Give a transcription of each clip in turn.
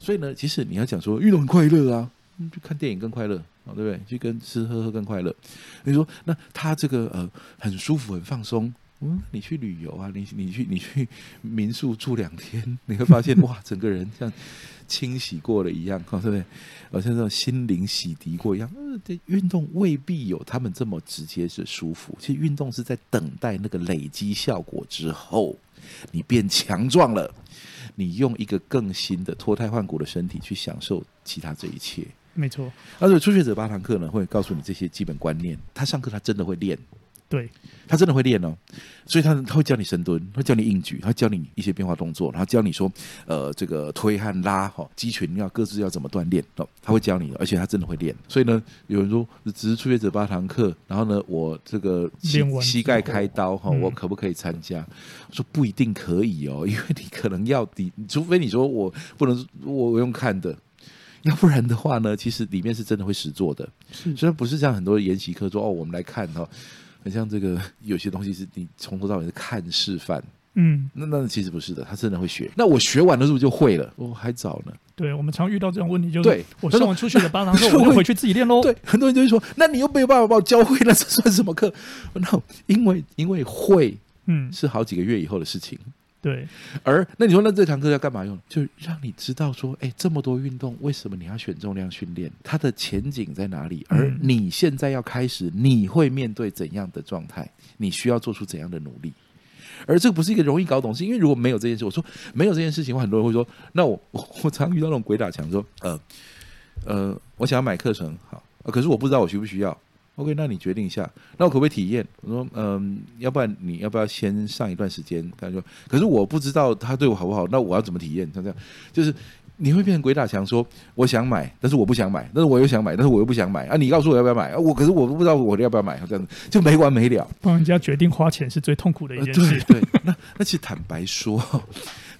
所以呢，其實你要講說運動很快樂啊，就看電影更快樂啊，對不對？去跟吃喝喝更快樂。你說那他這個呃很舒服、很放鬆。嗯，你去旅遊啊，你你去你去民宿住兩天，你會發現哇，整個人像清洗過了一樣， 哦，對不對？好像那種心靈洗滌過一樣。這、呃、運動未必有他們這麼直接是舒服。其實運動是在等待那個累積效果之後，你變強壯了。你用一個更新的、脫胎換骨的身體去享受其他這一切。沒錯。而且初學者八堂課呢，會告訴你這些基本觀念。他上課，他真的會練。對，他真的會練哦，所以他他會教你深蹲，他會教你硬舉，他會教你一些變化動作，然後教你說，呃，這個推和拉哈，肌群要各自要怎麼鍛鍊哦，他會教你，而且他真的會練。所以呢，有人說只是初學者八堂課，然後呢，我這個膝，膝蓋開刀哈、哦，我可不可以參加、嗯？我說不一定可以哦，因為你可能要的，除非你說我不能，我我用看的，要不然的話呢，其實裡面是真的會實作的，雖然不是像很多研習課說哦，我們來看哈、哦。很像這個，有些東西是你從頭到尾是看示範，嗯，那那其實不是的，他真的會學。那我學完了是不是就會了？我、哦、還早呢。對，我們常遇到這種問題，就是，就對我上完出去的班然後，然後我就回去自己練嘍。 對，很多人就會說，那你又沒有辦法把我教會，那這算什麼課？那、no, 因為因為會，嗯，是好幾個月以後的事情。對而，而那你說那這堂課要幹嘛用？就讓你知道說，哎、欸，這麼多運動，為什麼你要選重量訓練？它的前景在哪裡？而你現在要開始，你會面對怎樣的狀態？你需要做出怎樣的努力？而這個不是一個容易搞懂事，因為如果沒有這件事，我說沒有這件事情，我很多人會說，那我我，我常遇到那種鬼打牆，說，呃呃，我想要買課程，好、呃，可是我不知道我需不需要。OK，那你決定一下，那我可不可以體驗？我說，嗯、呃，要不然你要不要先上一段時間？他說，可是我不知道他對我好不好，那我要怎麼體驗？他這樣就是你會變成鬼打牆，說我想買，但是我不想買，但是我又想買，但是我又不想買啊！你告訴我要不要買啊？我可是我不知道我要不要買，這樣子就沒完沒了。幫人家決定花錢是最痛苦的一件事。對，對，那那其實坦白說。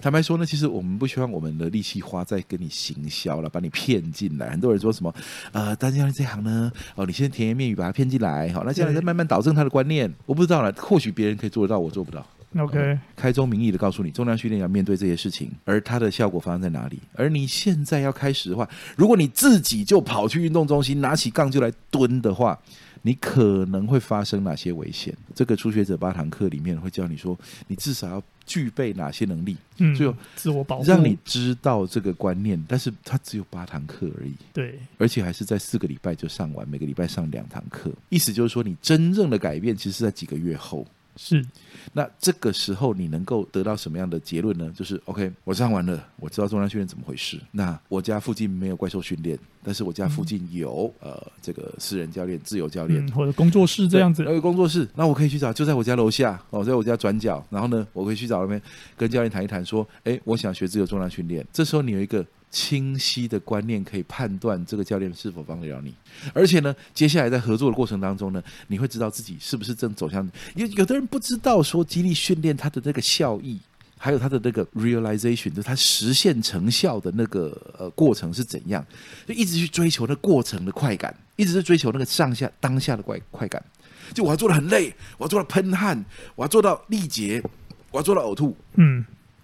坦白說呢，其實我們不希望我們的力氣花在跟你行銷了，把你騙進來。很多人說什麼，呃，大家這行呢，哦，你先甜言蜜語把他騙進來，好、哦，那接下來再慢慢導正他的觀念。我不知道啦，或許別人可以做得到，我做不到。OK，、呃、開宗明義的告訴你，重量訓練要面對這些事情，而它的效果發生在哪裡？而你現在要開始的話，如果你自己就跑去運動中心拿起槓就來蹲的話，你可能會發生哪些危險？這個初學者八堂課裡面會教你說，你至少要。具備哪些能力？嗯，就自我保護，讓你知道這個觀念。但是它只有八堂課而已，對，而且還是在四個禮拜就上完，每個禮拜上兩堂課。意思就是說，你真正的改變其實是在幾個月後。是，那這個時候你能夠得到什麼樣的結論呢？就是 OK，我上完了，我知道重量訓練怎麼回事。那我家附近沒有怪獸訓練，但是我家附近有、嗯、呃，這個私人教練、自由教練或者工作室這樣子。呃，那個、工作室，那我可以去找，就在我家樓下哦，在我家轉角。然後呢，我可以去找那邊跟教練談一談，說，哎、欸，我想學自由重量訓練。這時候你有一個。清晰的觀念，可以判斷這個教練是否幫得了你，而且呢，接下來在合作的過程當中呢，你會知道自己是不是正走向。有有的人不知道說激勵訓練它的那個效益，還有它的那個 realization，就它實現成效的那個呃過程是怎樣，就一直去追求那個過程的快感，一直是追求那個上下當下的快快感，就我要做的很累，我要做到噴汗，我要做到力竭，我要做到嘔吐，嗯。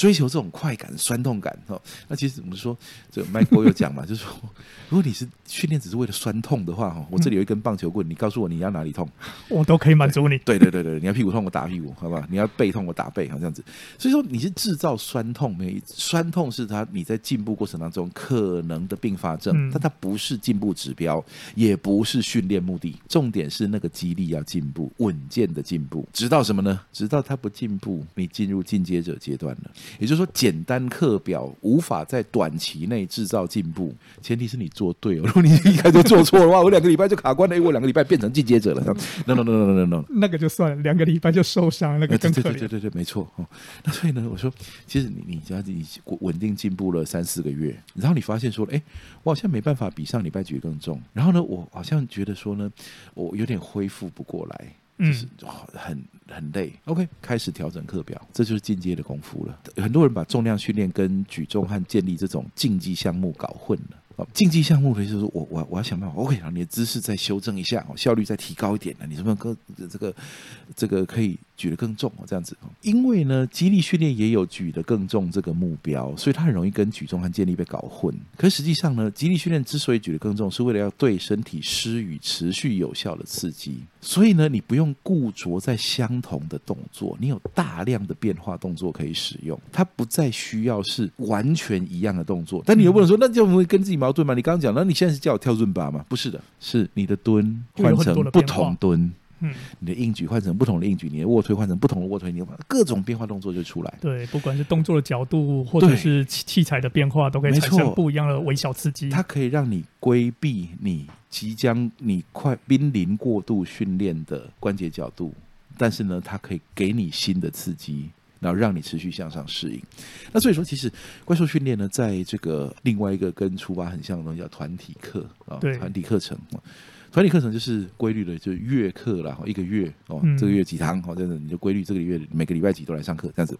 追求這種快感、酸痛感，哈、哦，那其實怎麼說？這麥克有講嘛， 就是說，如果你是訓練只是為了酸痛的話，哈、嗯，我這裡有一根棒球棍，你告訴我你要哪裡痛，我都可以滿足你。對，對對對對，你要屁股痛，我打屁股，好不好？你要背痛，我打背，好這樣子。所以說，你是製造酸痛沒？酸痛是它你在進步過程當中可能的併發症，嗯、但它不是進步指標，也不是訓練目的。重點是那個肌力要進步，穩健的進步，直到什麼呢？直到它不進步，你進入進階者階段了。也就是說，簡單課表無法在短期內製造進步。前提是你做對哦，如果你一開始就做錯的話，我兩個禮拜就卡關了。因為 我兩個禮拜變成進階者了。 no no no no no no，那個就算了，兩個禮拜就受傷那個對對對對對對，沒錯哦。那所以呢，我說，其實你你家已經穩定進步了三四個月，然後你發現說，哎、欸，我好像沒辦法比上禮拜舉更重。然後呢，我好像覺得說呢，我有點恢復不過來。嗯、就是很很累。OK，開始調整課表，這就是進階的功夫了。很多人把重量訓練跟舉重和建立這種競技項目搞混了。競技項目的意思是我，我我要想辦法。OK，讓你的姿勢再修正一下，效率再提高一點了。你什麼歌，這個這個可以？舉得更重哦，這樣子。因為呢，肌力訓練也有舉得更重這個目標，所以它很容易跟舉重和健力被搞混。可實際上呢，肌力訓練之所以舉得更重，是為了要對身體施予持續有效的刺激。所以呢，你不用固着在相同的動作，你有大量的變化動作可以使用。它不再需要是完全一樣的動作。但你又不能說，那就不會跟自己矛盾嗎？你剛剛講，那你現在是叫我跳順吧嗎？不是的，是你的蹲換成不同蹲。嗯，你的硬舉換成不同的硬舉，你的臥推換成不同的臥推，你各種變化動作就出來。對，不管是動作的角度或者是器器材的變化，都可以產生不一樣的微小刺激。它可以讓你規避你即將你快瀕臨過度訓練的關節角度，但是呢，它可以給你新的刺激，然後讓你持續向上適應。那所以說，其實怪獸訓練呢，在這個另外一個跟出發很像的東西叫團體課啊，團體課程。團體課程就是規律的，就月課啦，一個月哦，這個月幾堂哦，這樣子你就規律，這個月每個禮拜幾都來上課，這樣子。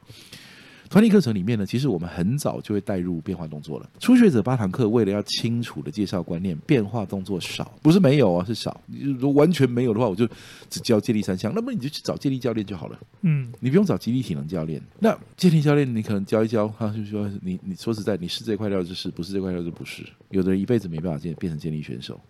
團體課程裡面呢，其實我們很早就會帶入變化動作了。初學者八堂課，為了要清楚的介紹觀念，變化動作少，不是沒有啊，是少。如果完全沒有的話，我就只教健力三項，那麼你就去找健力教練就好了。嗯，你不用找肌力體能教練。那健力教練，你可能教一教，啊，就說你你說實在，你是這塊料就是，不是這塊料就是不是。有的人一輩子沒辦法變變成健力選手。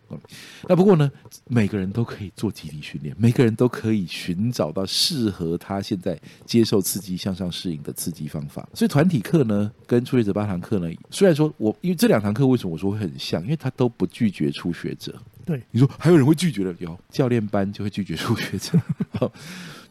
那不過呢，每個人都可以做肌力訓練，每個人都可以尋找到適合他現在接受刺激向上適應的刺激方式。所以團體課呢，跟初學者八堂課呢，雖然說我因為這兩堂課為什麼我說會很像，因為他都不拒絕初學者。對，你說還有人會拒絕的？有教練班就會拒絕初學者。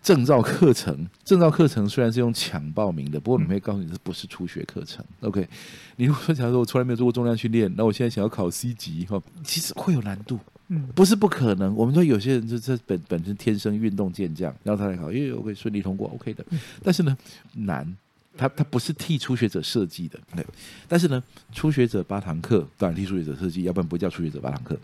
證、 哦、照課程，證照課程雖然是用搶報名的，不過我們可以告訴你，這不是初學課程、嗯。OK，你如果假如說我從來沒有做過重量訓練，那我現在想要考 C 級哈、哦，其實會有難度。嗯，不是不可能、嗯。我們說有些人就是本本身天生運動健將，然後他來考，因為我可以順利通過 OK 的。但是呢，難。他，他不是替初學者設計的，對，但是呢，初學者八堂課當然替初學者設計，要不然不叫初學者八堂課。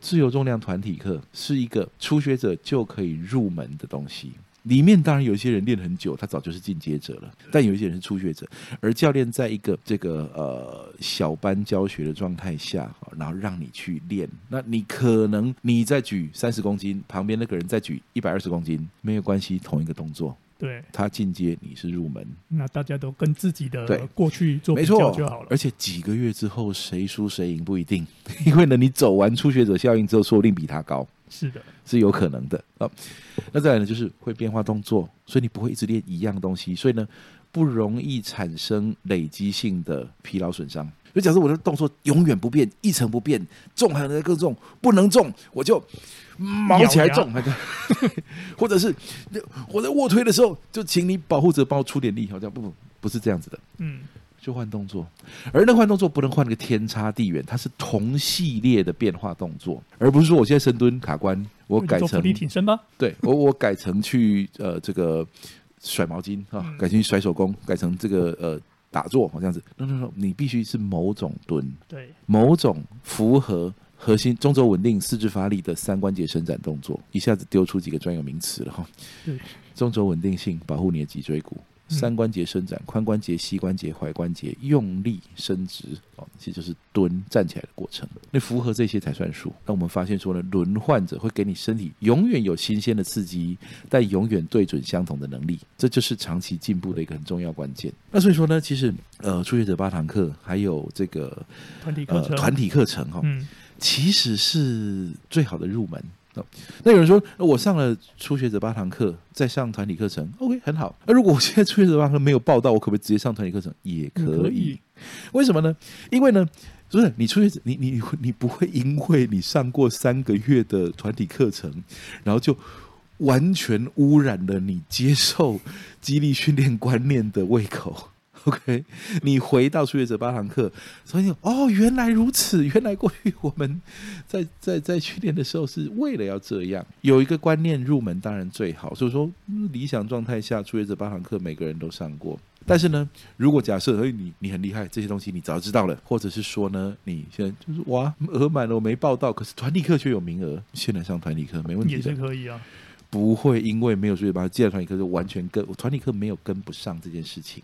自由重量團體課是一個初學者就可以入門的東西，裡面當然有一些人練很久，他早就是進階者了。但有一些人是初學者，而教練在一個這個呃小班教學的狀態下，然後讓你去練，那你可能你在舉三十公斤，旁邊那個人在舉一百二十公斤，沒有關係，同一個動作。對，他進階，你是入門。那大家都跟自己的過去做比較就好了。沒錯，而且幾個月之後，誰輸誰贏不一定，因為呢，你走完初學者效應之後，說不定比他高。是的，是有可能的啊、哦。那再來呢，就是會變化動作，所以你不會一直練一樣東西，所以呢，不容易產生累積性的疲勞損傷。就假設我的動作永遠不變，一成不變，重還能更重，不能重我就毛起來重還可以，搖搖 或者是我在臥推的時候，就請你保護者幫我出點力，好像不不,不是這樣子的，嗯，就換動作，而那換動作不能換個天差地遠，它是同系列的變化動作，而不是說我現在深蹲卡關我改成伏地挺身嗎？對我我改成去呃這個甩毛巾啊、嗯，改成甩手工，改成這個呃。打坐好像這樣子，那那說你必須是某種蹲，對，某種符合核心中軸穩定、四肢发力的三關節伸展動作，一下子丟出幾個專業名詞了哈，對，中軸穩定性保護你的脊椎骨。三關節伸展，髖關節、膝關節、踝關節用力伸直，哦，這就是蹲站起來的過程。那符合這些才算數。那我們發現說呢，輪換者會給你身體永遠有新鮮的刺激，但永遠對準相同的能力，這就是長期進步的一個很重要關鍵。那所以說呢，其實呃，初學者八堂課還有這個團體課程，團、呃、團體課程哈、哦、嗯，其實是最好的入門。那有人說，我上了初學者八堂課，再上團體課程，OK，很好。那如果我現在初學者八堂課沒有報到，我可不可以直接上團體課程？也可以。嗯，可以。為什麼呢？因為呢，不、就是你初學者，你你你不會因為你上過三個月的團體課程，然後就完全污染了你接受肌力訓練觀念的胃口。OK，你回到初學者八堂課，所以你哦，原來如此，原來過去我們在在在去年的時候是為了要這樣，有一個觀念入門當然最好。所以說理想狀態下，初學者八堂課每個人都上過。但是呢，如果假設所以、哎、你你很厲害，這些東西你早知道了，或者是說呢，你現在就是哇，額滿了我沒報到，可是團體課卻有名額，現在上團體課沒問題，也是可以啊。不會因為沒有睡吧，進來團體課就完全跟我團體課沒有跟不上這件事情，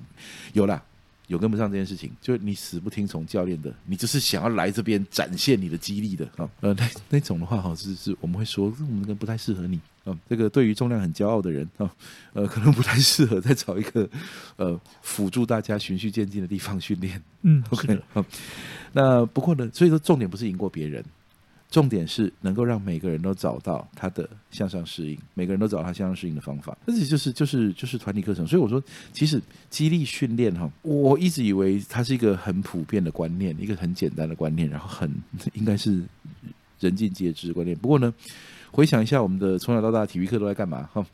有啦，有跟不上這件事情，就是你死不聽從教練的，你就是想要來這邊展現你的肌力的啊，呃那那種的話哈是是，是我們會說我們不太適合你啊、呃，這個對於重量很驕傲的人啊，呃可能不太適合再找一個呃輔助大家循序漸進的地方訓練，嗯，OK 啊、呃，那不過呢，所以說重點不是贏過別人。重點是能夠讓每個人都找到他的向上適應，每個人都找到他向上適應的方法。這就是就是就是團體課程，所以我說，其實肌力訓練哈，我一直以為它是一個很普遍的觀念，一個很簡單的觀念，然後很應該是人盡皆知的觀念。不過呢，回想一下我們的從小到大體育課都在幹嘛哈？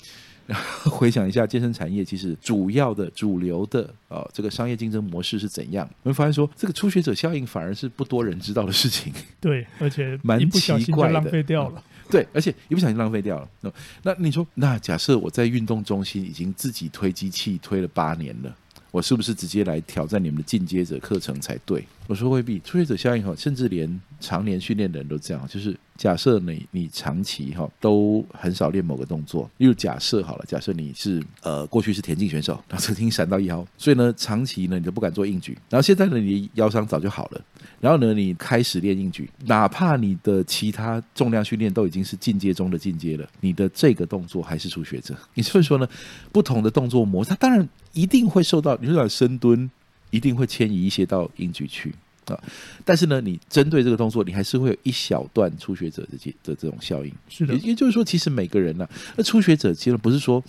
回想一下健身產業其實主要的主流的呃這個商業競爭模式是怎樣，我們發現說這個初學者效應反而是不多人知道的事情。對，而且蠻奇怪的浪費掉了、嗯。對，而且一不小心浪費掉了。那那你說，那假設我在運動中心已經自己推機器推了八年了。我是不是直接來挑戰你們的進階者課程才對？我說未必，初學者效應好，甚至連常年訓練的人都這樣。就是假設你你長期哈都很少練某個動作，例如假設好了，假設你是呃過去是田徑選手，然後曾經閃到腰，所以呢長期呢你都不敢做硬舉，然後現在呢你的腰傷早就好了。然後呢，你開始練硬舉，哪怕你的其他重量訓練都已經是進階中的進階了，你的這個動作還是初學者。也就是說呢，不同的動作模式，它當然一定會受到，你會說深蹲，一定會遷移一些到硬舉去啊。但是呢，你針對這個動作，你還是會有一小段初學者的這的這種效應。是的，也就是說，其實每個人呢、啊，那初學者其實不是說。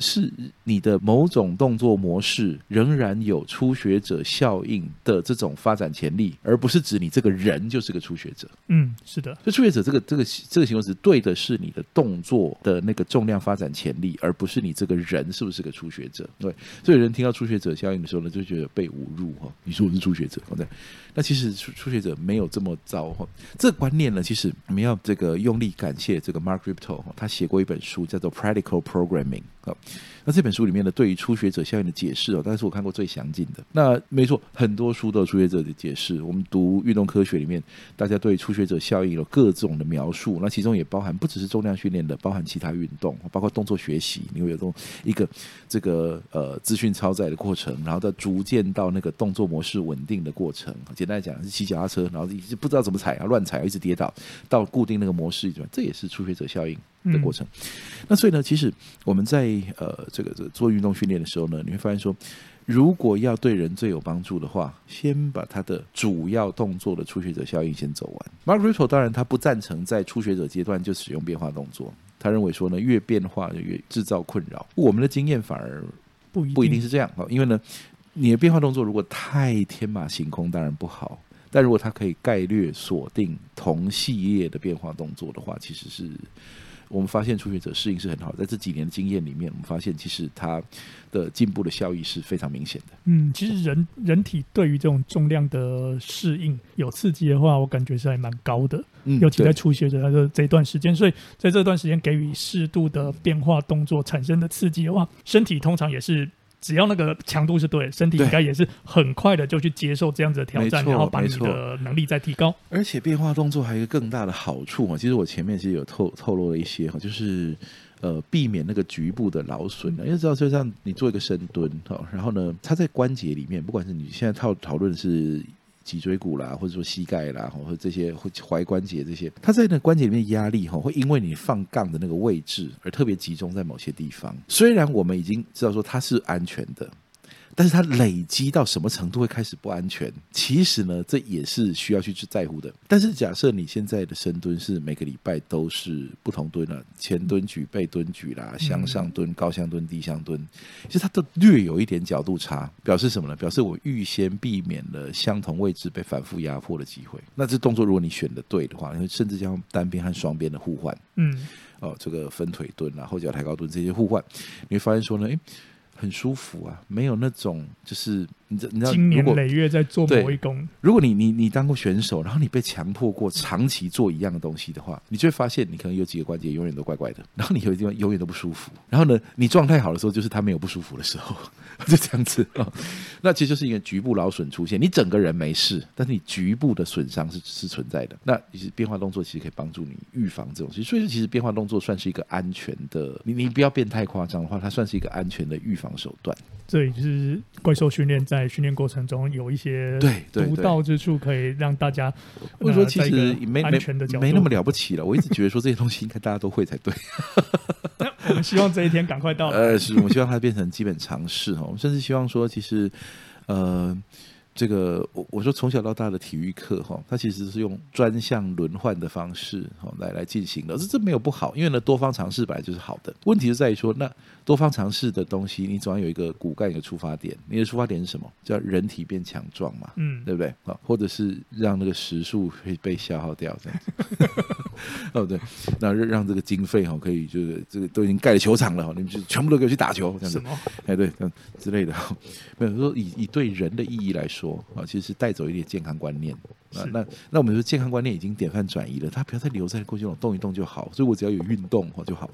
是你的某種動作模式仍然有初學者效應的這種發展潛力，而不是指你這個人就是個初學者。嗯，是的，就初學者這個這個這個形容詞對的是你的動作的那個重量發展潛力，而不是你這個人是不是個初學者。對，所以人聽到初學者效應的時候呢，就覺得被侮辱哈，你說我是初學者，OK？那其實初，初學者沒有這麼糟哈。這個觀念呢，其實我們要這個用力感謝這個 Mark Rippetoe，他寫過一本書叫做《Practical Programming》。好，那這本書裡面呢，對於初學者效應的解釋啊、哦，但是我看過最詳盡的。那沒錯，很多書都有初學者的解釋。我們讀運動科學裡面，大家對於初學者效應有各種的描述。那其中也包含不只是重量訓練的，包含其他運動，包括動作學習，你會有這種一個這個呃資訊超載的過程，然後再逐漸到那個動作模式穩定的過程。簡單來講是騎腳踏車，然後一直不知道怎麼踩啊，亂踩，一直跌倒，到固定那個模式裡面，怎麼這也是初學者效應的過程。嗯，那所以呢，其實我們在呃這個做運動訓練的時候呢，你會發現說，如果要對人最有幫助的話，先把他的主要動作的初學者效應先走完。Mark Rippetoe 當然他不贊成在初學者階段就使用變化動作，他認為說呢，越變化越制造困擾。我們的經驗反而不一定是這樣啊，因為呢，你的變化動作如果太天馬行空，當然不好，但如果他可以概略鎖定同系列的變化動作的話，其實是。我們發現初學者適應是很好，在這幾年的經驗裡面，我們發現其實它的進步的效益是非常明顯的。嗯，其實人人體對於這種重量的適應有刺激的話，我感覺是還蠻高的，尤其在初學者他的這一段時間，所以在這段時間給予適度的變化動作產生的刺激的話，身體通常也是。只要那個強度是對，身體應該也是很快的就去接受這樣子的挑戰，然後把你的能力再提高。而且變化動作還有一個更大的好處嘛，其實我前面其實有透透露了一些哈，就是呃避免那個局部的勞損。因為知道就像你做一個深蹲哈，然後呢，它，在關節裡面，不管是你現在討討論是。脊椎骨啦，或者說膝蓋啦，或者這些或者踝關節這些，它在那關節裡面壓力哈，會因為你放槓的那個位置而特別集中在某些地方。雖然我們已經知道說它是安全的。但是它累積到什麼程度會開始不安全？其實呢，這也是需要去去在乎的。但是假設你現在的深蹲是每個禮拜都是不同蹲了，啊，前蹲舉、背蹲舉啦、向上蹲、高箱蹲、低箱蹲，其實它都略有一點角度差，表示什麼呢？表示我預先避免了相同位置被反複壓迫的機會。那這動作如果你選得對的話，因為甚至將單邊和雙邊的互換，嗯，哦，這個分腿蹲啊、後腳抬高蹲這些互換，你會發現說呢，欸很舒服啊，沒有那種就是你你知道，經年累月在做某一工。如果你你你當過選手，然後你被強迫過長期做一樣的東西的話，你就會發現你可能有幾個關節永遠都怪怪的，然後你有地方永遠都不舒服。然後呢，你狀態好的時候，就是他沒有不舒服的時候。 就這樣子哦，那其實就是一個局部勞損出現，你整個人沒事，但是你局部的損傷是是存在的。那其實變化動作其實可以幫助你預防這種事，所以其實變化動作算是一個安全的，你你不要變太誇張的話，它算是一個安全的預防手段。對，就是怪獸訓練在訓練過程中有一些對獨到之處，可以讓大家。或者、呃、說，其實沒，沒安全的，沒那麼了不起了。我一直覺得說這些東西應該大家都會才對 、啊。我們希望這一天趕快到。呃，是，我希望它變成基本常識哦。我們甚至希望說，其實，呃。這個我我說從小到大的體育課哈，它其實是用專項輪換的方式哈來來進行的，這這沒有不好，因為呢多方嘗試本來就是好的。問題就在於說，那多方嘗試的東西，你總要有一個骨幹一個出發點。你的出發點是什麼？叫人體變強壯嘛？嗯，對不對？啊，或者是讓那個時數可被，被消耗掉這樣子？哦， 對，那讓這個經費哈可以就是這個都已經蓋了球場了，你們就全部都可以去打球，這樣子。哎，對，嗯之類的。沒有說以以對人的意義來說。說啊，其實帶走一點健康觀念。那那、啊、那，那我們說健康觀念已經典範轉移了，他不要再留在過去那種動一動就好，所以我只要有運動哦就好，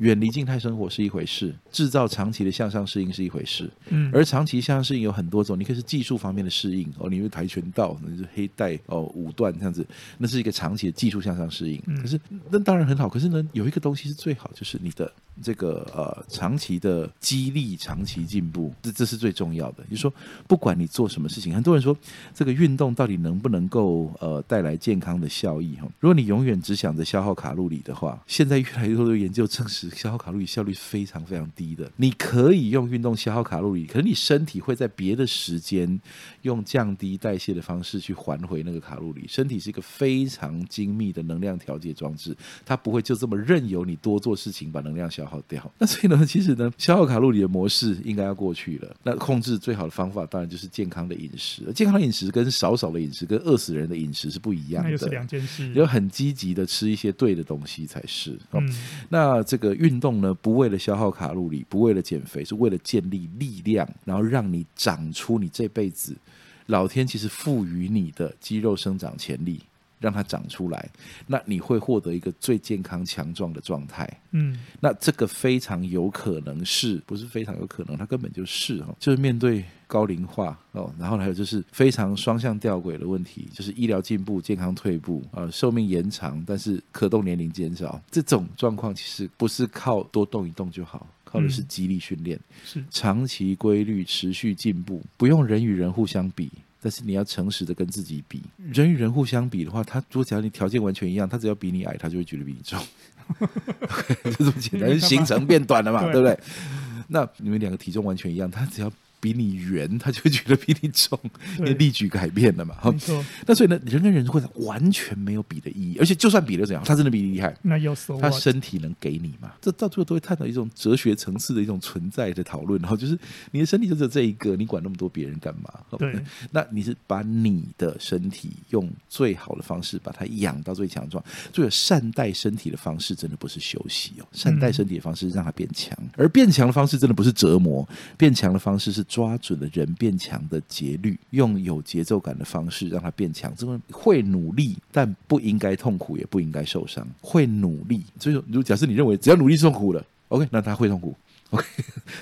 遠離靜態生活是一回事，制造長期的向上適應是一回事，嗯，而長期向上適應有很多種，你可以是技術方面的適應哦，你用跆拳道那是黑帶哦五段這樣子，那是一個長期的技術向上適應，嗯、可是那當然很好，可是呢，有一個東西是最好，就是你的這個呃長期的激勵、長期進步，這這是最重要的。就是說不管你做什麼事情，很多人說這個運動到底能不能夠。夠呃帶來健康的效益哈。如果你永遠只想着消耗卡路里的話，現在越來越多的研究證實，消耗卡路里效率是非常非常低的。你可以用運動消耗卡路里，可是你身體會在別的時間用降低代謝的方式去還回那個卡路里。身體是一個非常精密的能量調節裝置，它不會就這麼任由你多做事情把能量消耗掉。那所以呢，其實呢，消耗卡路里的模式應該要過去了。那控制最好的方法，當然就是健康的飲食。健康的飲食跟少少的飲食跟餓死。死人的飲食是不一樣的，有很積極的吃一些對的東西才是。嗯，那這個運動呢，不為了消耗卡路里，不為了減肥，是為了建立力量，然後讓你長出你這輩子老天其實賦予你的肌肉生長潛力，讓它長出來。那你會獲得一個最健康強壯的狀態。嗯，那這個非常有可能是，不是非常有可能，它根本就是哈，就是面對。高齡化哦，然後還有就是非常雙向吊詭的問題，就是醫療進步、健康退步啊、呃，壽命延長，但是可動年齡減少。這種狀況其實不是靠多動一動就好，靠的是肌力訓練，嗯、是長期規律、持續進步，不用人與人互相比，但是你要誠實的跟自己比。人與人互相比的話，他如果只要你條件完全一樣，他只要比你矮，他就會覺得比你重， 就這麼簡單。是行程變短了嘛對，對不對？那你們兩個體重完全一樣，他只要。比你圓，他就會覺得比你重，因為力矩改變了嘛。沒錯、哦。那所以呢，人跟人會完全沒有比的意義，而且就算比了怎樣，他真的比你厲害，那有說他身體能給你嗎？這到最後都會探討一種哲學層次的一種存在的討論。然、哦、後就是你的身體就是這一個，你管那麼多別人幹嘛？對、哦。那你是把你的身體用最好的方式把它養到最強壯，最有善待身體的方式，真的不是休息哦。善待身體的方式讓它變強、嗯，而變強的方式真的不是折磨，變強的方式是。抓準了人變強的節律，用有節奏感的方式讓它變強。這麼會努力，但不應該痛苦，也不應該受傷。會努力，就是如假設你認為只要努力是痛苦的，OK，那他會痛苦，OK，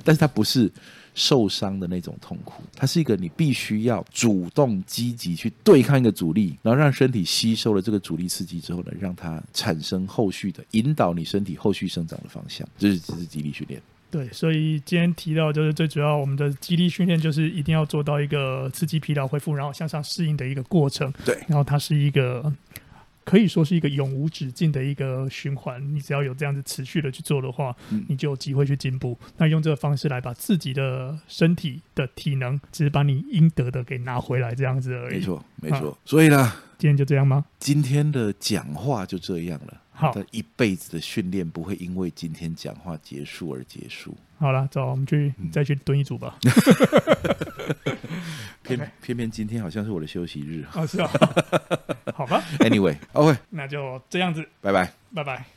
但是它不是受傷的那種痛苦，它是一個你必須要主動積極去對抗一個阻力，然後讓身體吸收了這個阻力刺激之後呢，讓它產生後續的引導你身體後續生長的方向。這、就是這是激勵訓練。對，所以今天提到就是最主要，我們的肌力訓練就是一定要做到一個刺激、疲勞、恢復，然後向上適應的一個過程。對，然後它是一個可以說是一個永無止境的一個循環。你只要有這樣子持續的去做的話、嗯，你就有機會去進步。那用這個方式來把自己的身體的體能，只是把你應得的給拿回來這樣子而已。沒錯，沒錯、啊。所以呢，今天就這樣嗎？今天的講話就這樣了。好，但一輩子的訓練不會因為今天講話結束而結束。好了，走，我們去、嗯、再去蹲一組吧。 偏、okay、偏偏今天好像是我的休息日好、 哦，是啊、哦，好吧。 Anyway，OK，、okay, 那就這樣子，拜拜，拜拜。